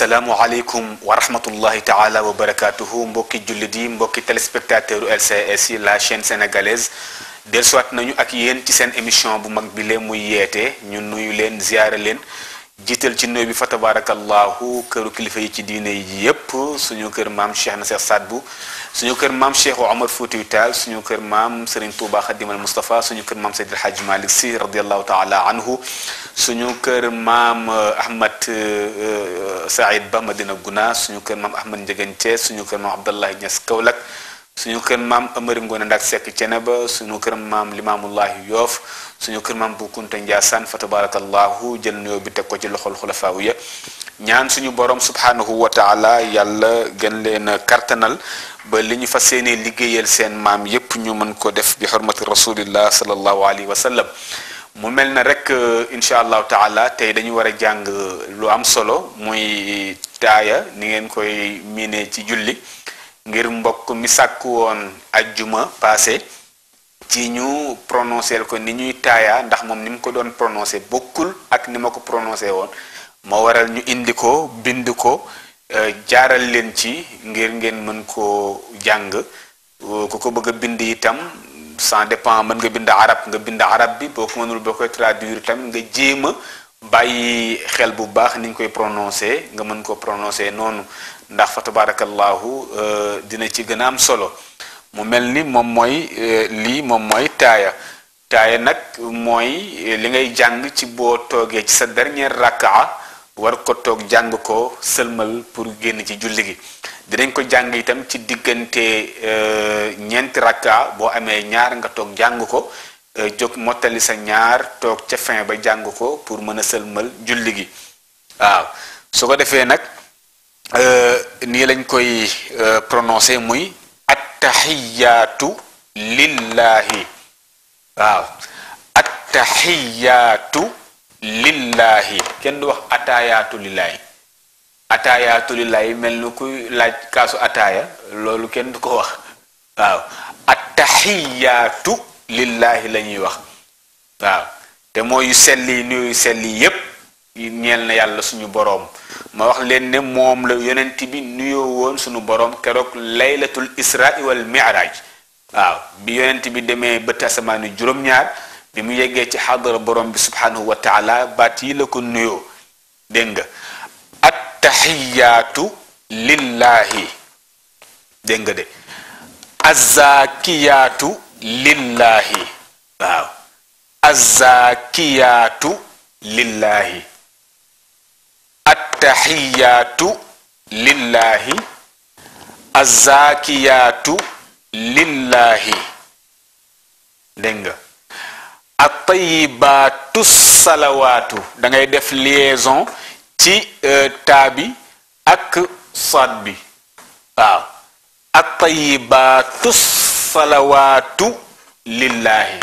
asalaamu aleykum wa rahmatullahi taala wa barakatuhu mbokki jullit yi mbokki téléspectateur LCS yi la chaîne sénégalaise dellusiwaat nañu ak yéen ci seen émission bu mag bi leen muy yeete ñu nuyu leen ziyaare leen jiital ci nuyu bi fa tabarakallahu këru kilifa yi ci diine yi yépp suñu kër maam Cheikh na Cheikh Saad Bou suñu kër maam Cheikh Omar Foutiou Tall suñu kër maam Serigne Touba Khadimal Moustapha suñu kër maam Seydil Hadj Malick Sy radiallahu taala anhu suñu kër maam eh, Ahmad eh, eh, Saïd Ba Madina Guna suñu kër maam Ahmad Ndiéguène Thiès suñu kër maam Abdallah Niass Kaolack suñu kër maam Amari Ngoone Ndak Seck Ceneba suñu kër maam Limaamullahi Yoof suñu kër maam Bukunta Ndiassane fa tabarakallahu jël nuyoo bi teg ko ci loxol xulafaawu ya ñaan suñu borom subhanahu wa taala yàlla gën leen a kartanal ba li ñu fas yéenee liggéeyal seen maam yépp ñu mën ko def bi xormati rasulillah sallallahu alayhi wa sallam mu mel na rek euh, incha allahu taala tey dañu war a jàng lu am solo muy taaya ni ngeen koy miine ci julli ngir mbokk mi sàkk woon ajjuma passé ci ñu prononcé ko ni ñuy taaya ndax moom ni mu ko doon prononcé bokkul ak ni ma ko prononcé woon moo waral ñu indi ko bind ko euh, jaaral leen ci ngir ngeen mën koo jàng euh, ku ko bëgg a bind itam sans dépend mën nga bind arab nga bind arab bi boo ko mënul boo koy traduire tamit nga jéema bàyyi xel bu baax ni koy prononcé nga mën ko prononcé noonu ndax fa tabarakallahu euh, dina ci gën a am solo mu mel ni moom mooy lii moom mooy taaya taaya nag mooy li ngay jàng ci boo toogee ci sa dernière rakaa war ko toog jàng ko sëlmal pour génn ci julli gi dinañ ko jàng itam ci diggante euh, ñeenti rakka boo amee ñaar nga toog jàng ko euh, jóg mottali sa ñaar toog ca fin ba jàng ko pour mën a sëlmal julli gi waaw su ko defee nag euh, nii lañ koy prononcé muy attaxiyaatu lillahi waaw attaxiyaatu lillahi ken du wax atayatu lillahi atayatu lillahi mel ni kuy laaj kaasu ataya loolu kenn du ko wax waaw attahiyatu lillahi la ñuy wax waaw te mooy selli nuyu selli yépp ñeel na yàlla suñu boroom ma wax leen ne moom la yonent bi nuyoo woon suñu boroom keroog laylatul israa wal mi'raj waaw bi yonent bi demee ba asamaani juróom-ñaar bi mu yeggee ci xadara borom bi subhanahu wa taala baat yi la ko nuyoo dégg nga attaxiyaatu lillaahi dégg nga de azaakiyaatu lillaahi waaw azaakiyaatu atayibaatu salawaatu da ngay def liaison ci euh, taa bi ak saad bi waaw atayibaatu salawaatu lillaahi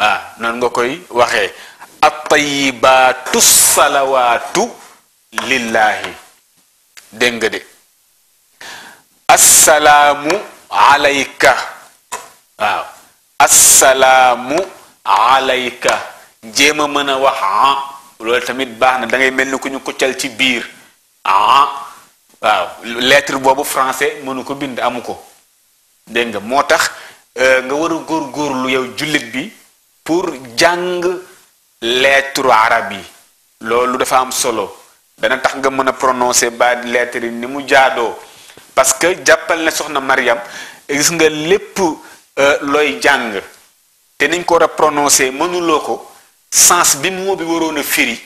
waaw noonu nga koy waxee atayibaatu salawaatu lillaahi dégg nga de assalaamu alayka waaw assalaamu alayka jéem a mën a wax ah, loolu tamit baax na da ngay mel ni ku ñu kuccal ci biir ah waaw lettre boobu français mënu ko bind amu ko dégg nga moo tax euh, nga war a góor góor lu yow jullit bi pour jàng lettre arab yi loolu dafa am solo dana tax nga mën a prononcer ba lettre yi ni mu jaadoo parce que jàppal ne soxna mariyam gis nga lépp euh, looy jàng te niñ prononcé mënuloo ko sens bi moo bi firi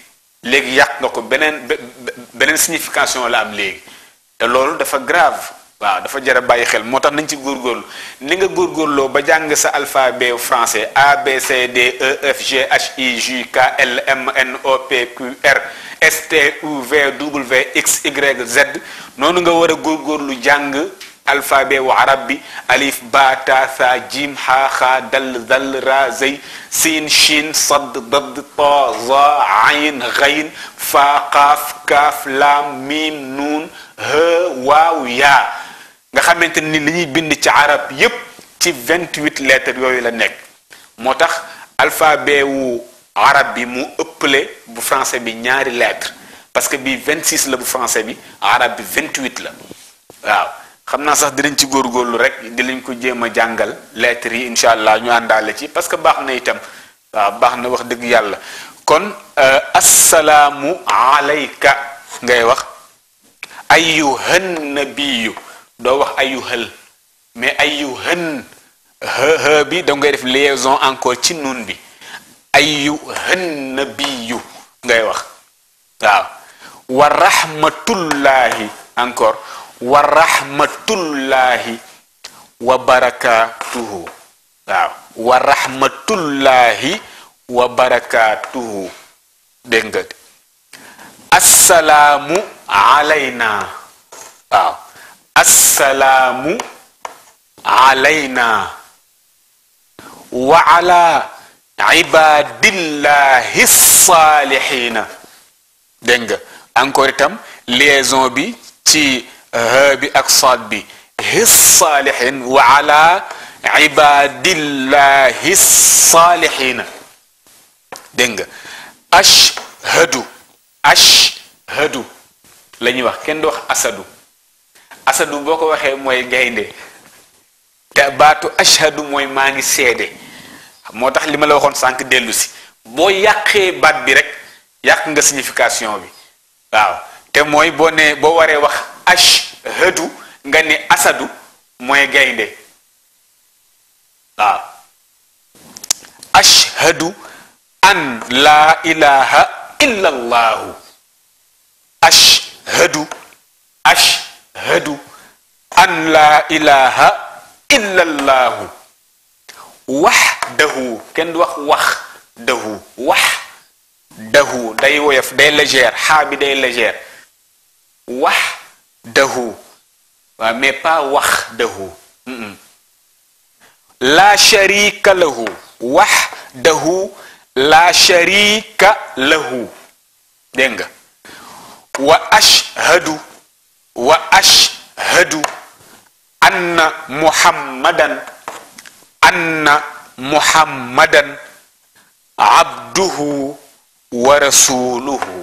léegi yàq ko signification la am léegi te grave waaw dafa jar a ni nga sa alphabet français A B C D E F G H I J K L M N O P Q R S T U V W X Y Z noonu nga alphabet wa arab bi alif ba ta sa jim ha ha dal zal ra zay sin shin sad dad ta za ayn ghayn fa qaf kaf lam mim nun ha waaw ya nga xamanteni li ñuy bind ci arab yep ci 28 lettres yooyu la nek motax alphabet wu arab bi mu epplé bu français bi ñaari lettres parce que bi 26 la bu français bi arab bi 28 la waaw xam naa sax dinañ ci góor góorlu rek dinañ ko jéem a jàngal lettres yi incha allah ñu àndaale ci parce que baax na itam waaw baax na wax dëgg yàlla kon euh, assalaamu alayka ngay wax ayyuhan nabiyu doo wax ayyuhal mais ayyuhan hë bi da ngay def liaison encore ci nuun bi ayyuhan nabiyu ngay wax waaw wa rahmatullahi encore wa rahmatullahi wa barakatuhu tuhu. wa rahmatullahi wa barakatuhu tuhu. nga alaina. alayna alaina. alayna wa ala ibadillahi salihina dengat encore tam liaison bi ci ha bi ak saad bi his saalihin wa ala ibadillahi saalihina dégg nga ashhadu ashhadu la ñuy wax kenn du wax asadu asadu boo ko waxee mooy gaynde te baatu ashhadu mooy maa ngi seede moo tax li ma la waxoon sànq dellusi si boo yàqee baat bi rek yàq nga signification bi waaw te moy bone bo waré wax ash hadu nga ne asadu moy gaynde waaw ashhadu an la ilaha illa allah ashhadu ashhadu an la ilaha illa allah wahdahu ken du wax wahdahu wahdahu day woyef day légère ha bi day légère wax dahu wax dahu la sharika lahu wax dahu la sharika lahu dégg nga wa ashhadu wa ashhadu anna muhammadan anna muhammadan abduhu wa rasuluhu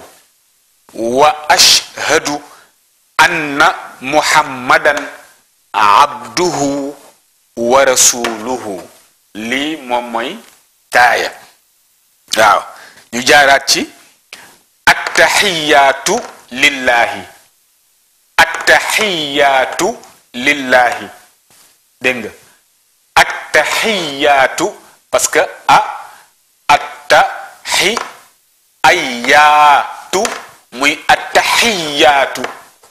wa ashhadu anna muhammadan abduhu wa rasuluhu lii moom mooy taaya waaw ñu jaaraat ci attaxiyaatu lillaahi attaxiyaatu lillaahi dégg nga attaxiyaatu parce que a attaxiyaatu muy attaxiyaatu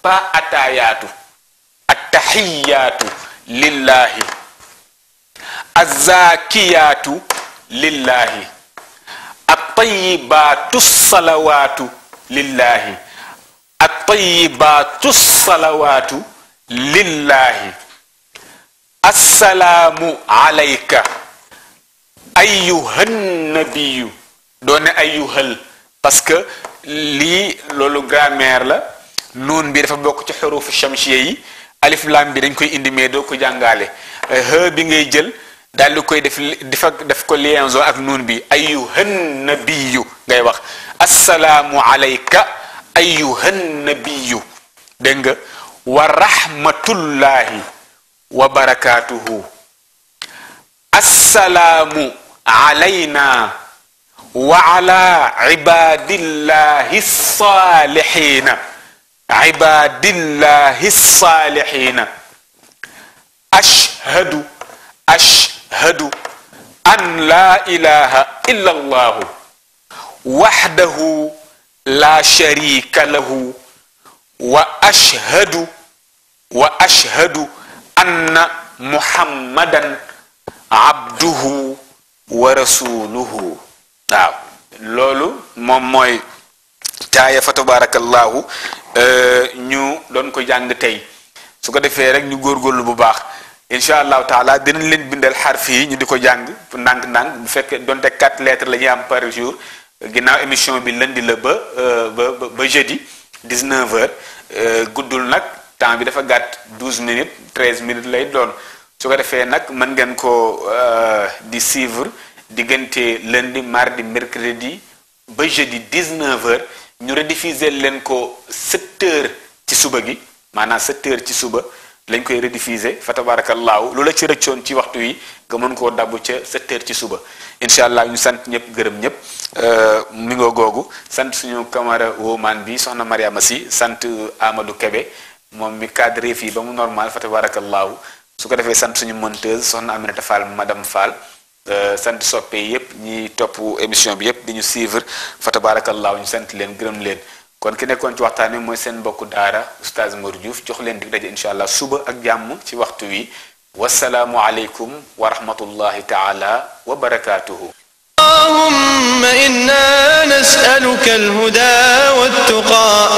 pas ataayaatu attaxiyaatu lillaahi azaakiyaatu lillaahi attayibaatu salawaatu lillaahi attayibaatu salawaatu alayka ayyuhan nabiyu doone ayyuhal parce que lii loolu grammaire la nuun bi dafa bokk ci xurufu shamsiya yi alif lam bi dañ koy indi mais doo ko jàngaale he euh, bi ngay jël daal di koy def def ko liaison ak nuun bi ayyuhan nabiyyu ngay wax assalaamu alayka ayyuhan nabiyyu dégg nga wa rahmatullahi wa barakaatuhu assalaamu alayna wa ala ibadillahi saalihiina عباد الله الصالحين أشهد أشهد أن لا إله إلا الله وحده لا شريك له وأشهد وأشهد أن محمدا عبده ورسوله نعم. لولو موموي تايه فتبارك الله Euh, ñu doon ko jàng tey su ko defee rek ñu góorgóorlu bu baax allah allahu taala dinañ leen bindal xarf fii ñu di ko jàng ndànk-ndànk bu fekkee donte quatre lettres la ñuy am par jour ginnaaw émission bi lundi la ba euh, ba ba jeudi 19h euh, guddul nag temps bi dafa gàtt 12 minutes 13 minutes lay doon su ko defee nag mën ngeen ko di suivre diggante lundi mardi mercredi ba jeudi 19 ñu rediffuser leen ko sept heures ci suba gi maanaa sept heures ci suba lañ koy rediffuser fa tabaarakallaahu lu la ci rëccoon ci waxtu yi nga mën koo dabb ca sept ci suba incha allah ñu sant ñëpp gërëm ñëpp euh, mi nga googu sant suñu camara woman bi soxna Mariama si sant amadu Kebe moom mi cadré fii ba mu normal fa tabaarakallaahu su ko defee sant suñu monteuse soxna Aminata Fall madame Fall euh, sant soppe yëpp ñi topp émission bi yëpp di ñu suivre fa tabaarakallaahu ñu sant leen gërëm leen kon ki nekkoon ci waxtaan wi mooy seen mbokku daara oustaz Mor Diouf jox leen dig daje incha allah suba ak jàmm ci waxtu wi wasalaamu alaykum wa rahmatullahi taala wa barakaatuhu. اللهم إنا نسألك الهدى والتقى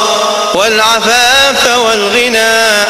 والعفاف والغنى